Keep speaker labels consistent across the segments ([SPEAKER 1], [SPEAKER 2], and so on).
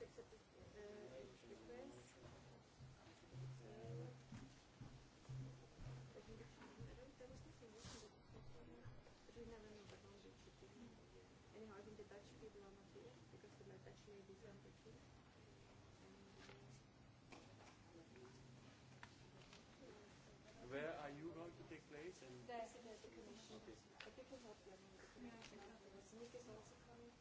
[SPEAKER 1] Where are you going to take place? And there's, there's a commission. Okay. I think we have the commission. Yeah, Nick is also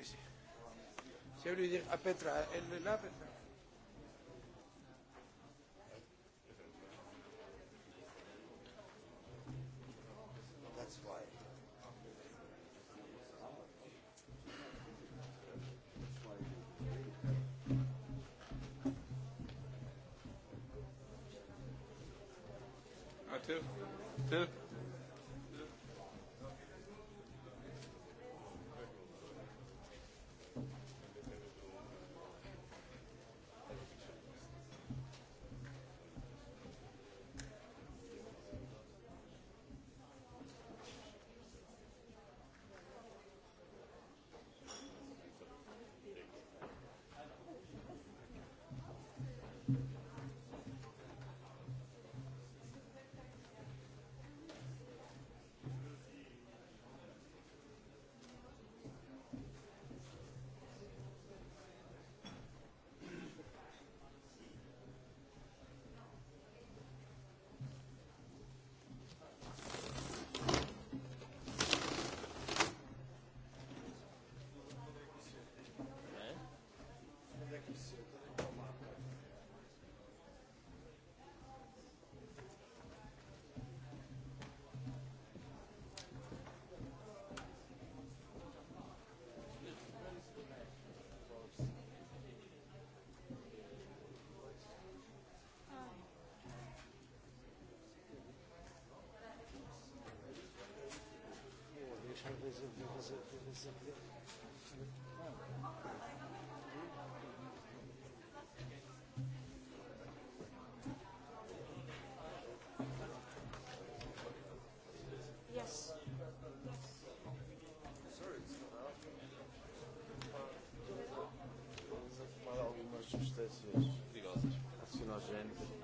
[SPEAKER 1] ici. Je vais lui dire à Petra, elle eh, est là, Petra. Two. Two. Yes. Mal algumas substâncias acinogénicas.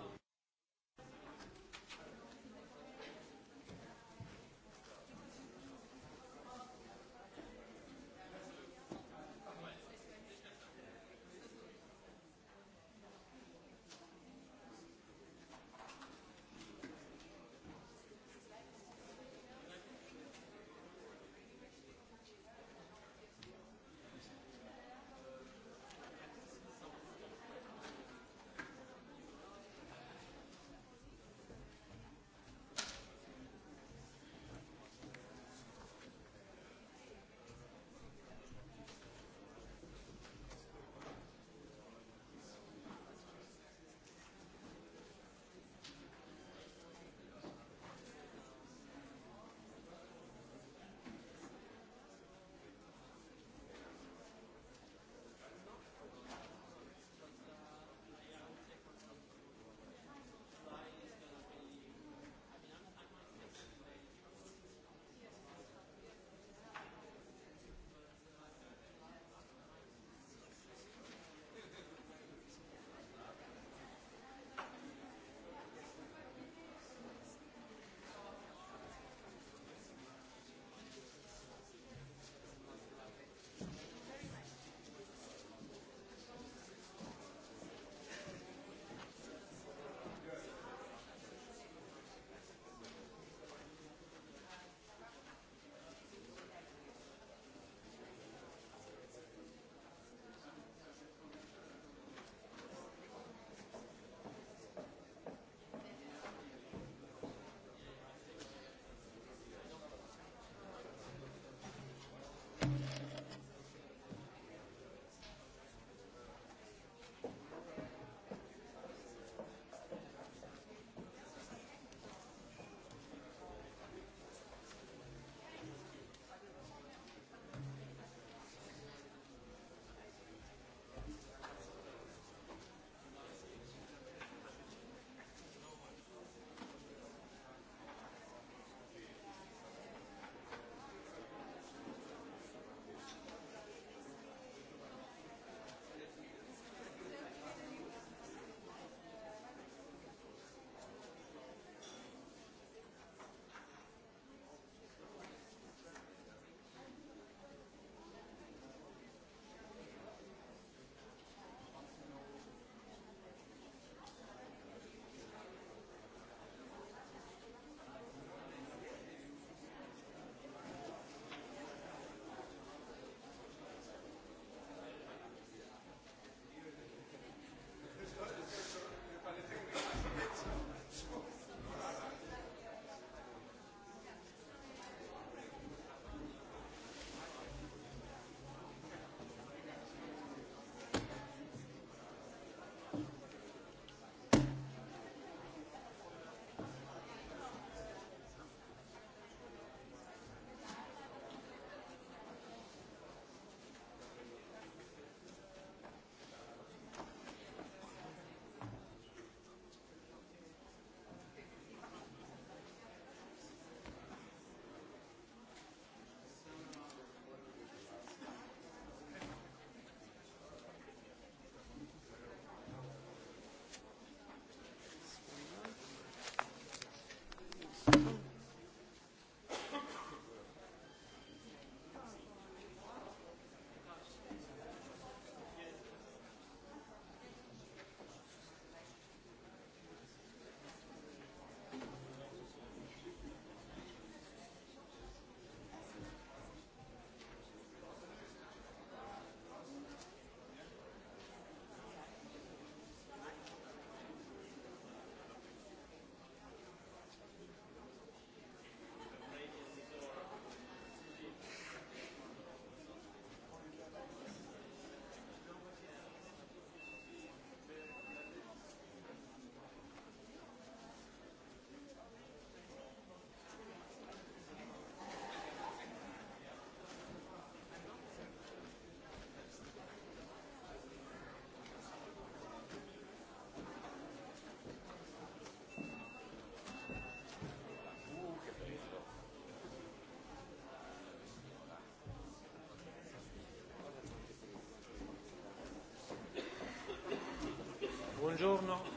[SPEAKER 1] Buongiorno.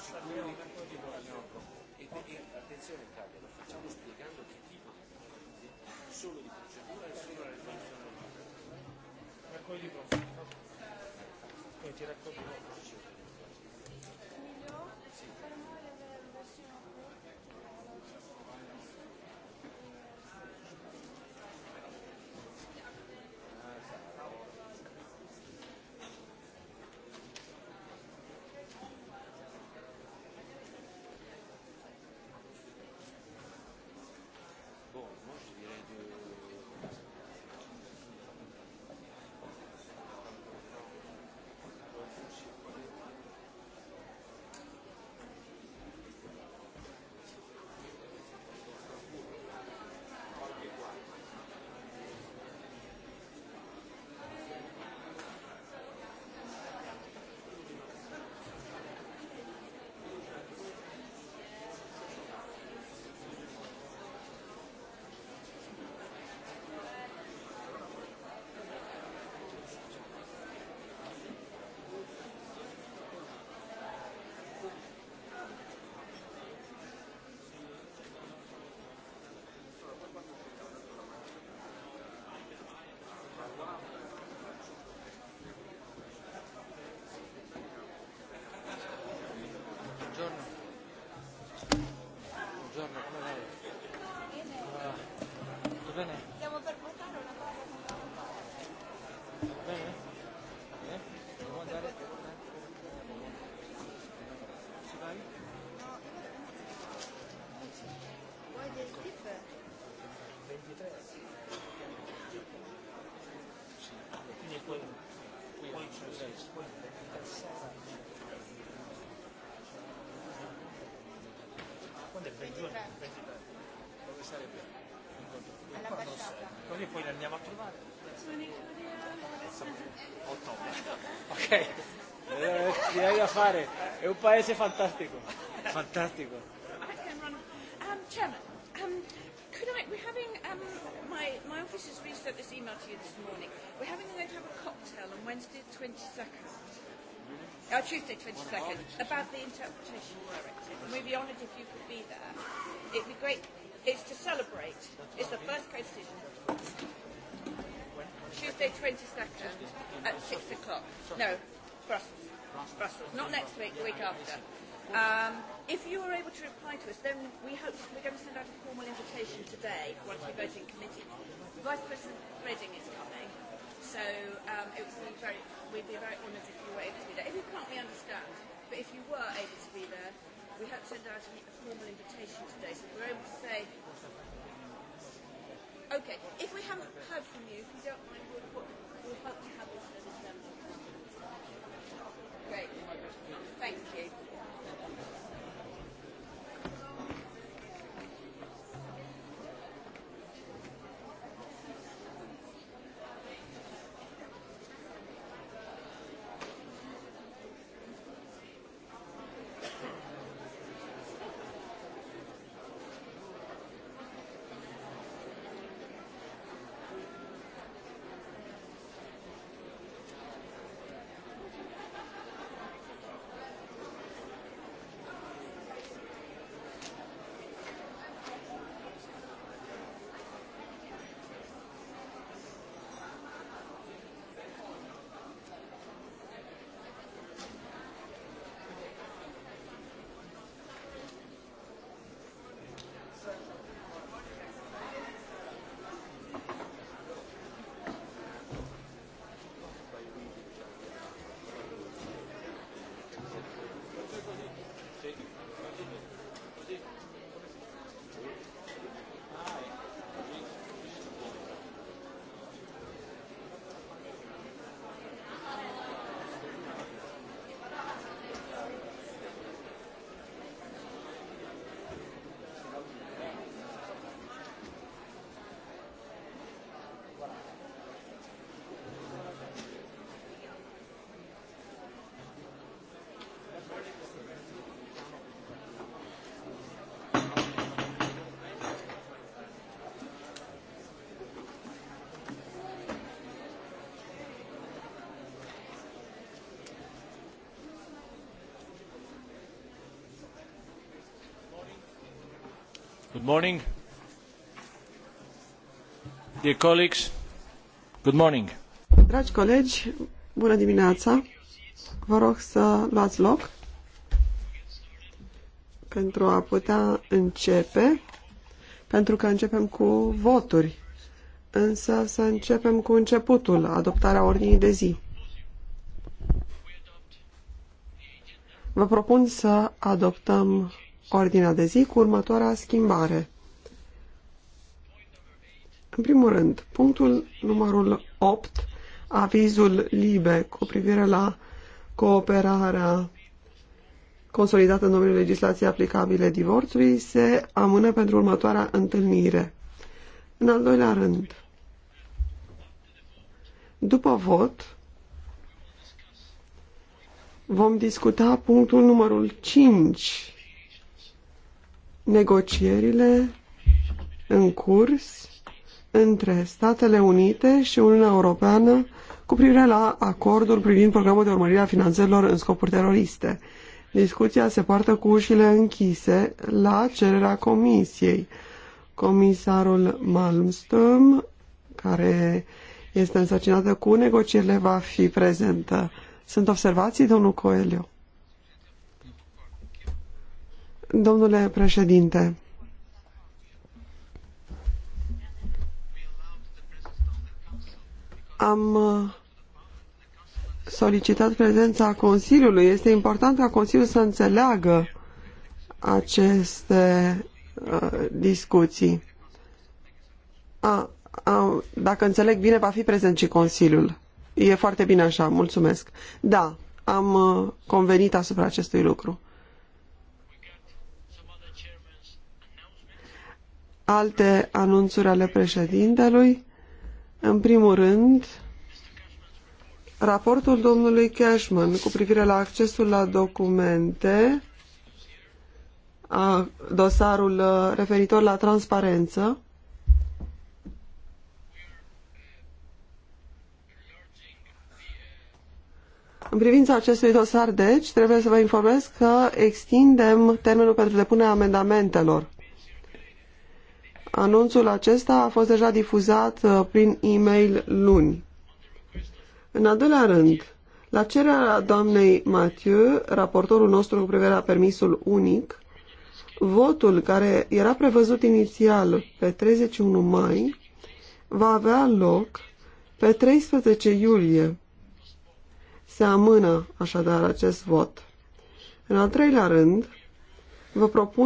[SPEAKER 1] siamo sicuri di non abbiamo e, e attenzione Italia, lo facciamo spiegando che tipo di, solo di procedura e solo la risoluzione del Raccogli e ti racconto. Sì. giorni, 23. Dove sarebbe? All'ambasciata. Così poi li andiamo a trovare. Ottobre. Ok. Direi da fare. È un paese fantastico. Fantastico. Um, Chairman, um, could I, we're having, um, my, my office has reached out this email to you this morning. We're having, a going have a cocktail on Wednesday the 22nd. Uh, Tuesday, 22nd, about the interpretation directive. And we'd be honoured if you could be there. It'd be great. It's to celebrate. It's the first co-decision. Tuesday, 22nd, at 6 o'clock. No, Brussels. Brussels. Not next week, the week after. Um, if you are able to reply to us, then we hope we're going to send out a formal invitation today once we vote in committee. Vice President Redding is coming. So um, it was very, we'd be very honoured if you were able to be there. If you can't, we understand. But if you were able to be there, we had to send out a formal invitation today. So if we're able to say, okay, if we haven't heard from you, if you don't mind, we'll, we'll hope to have this as a Great. Good morning. Dear colleagues, good morning. Dragi colegi, bună dimineața. Vă rog să luați loc pentru a putea începe, pentru că începem cu voturi. Însă să începem cu începutul, adoptarea ordinii de zi. Vă propun să adoptăm ordinea de zi cu următoarea schimbare. În primul rând, punctul numărul 8, avizul LIBE cu privire la cooperarea consolidată în domeniul legislației aplicabile divorțului se amână pentru următoarea întâlnire. În al doilea rând, după vot, vom discuta punctul numărul 5 negocierile în curs între Statele Unite și Uniunea Europeană cu privire la acordul privind programul de urmărire a finanțărilor în scopuri teroriste. Discuția se poartă cu ușile închise la cererea Comisiei. Comisarul Malmström, care este însăcinată cu negocierile, va fi prezentă. Sunt observații, domnul Coelho? Domnule președinte, am uh, solicitat prezența Consiliului. Este important ca Consiliul să înțeleagă aceste uh, discuții. A, a, dacă înțeleg bine, va fi prezent și Consiliul. E foarte bine așa, mulțumesc. Da, am uh, convenit asupra acestui lucru. alte anunțuri ale președintelui. În primul rând, raportul domnului Cashman cu privire la accesul la documente, a, dosarul uh, referitor la transparență, În privința acestui dosar, deci, trebuie să vă informez că extindem termenul pentru depunerea amendamentelor. Anunțul acesta a fost deja difuzat uh, prin e-mail luni. În al doilea rând, la cererea doamnei Mathieu, raportorul nostru cu privire la permisul unic, votul care era prevăzut inițial pe 31 mai va avea loc pe 13 iulie. Se amână așadar acest vot. În al treilea rând, vă propun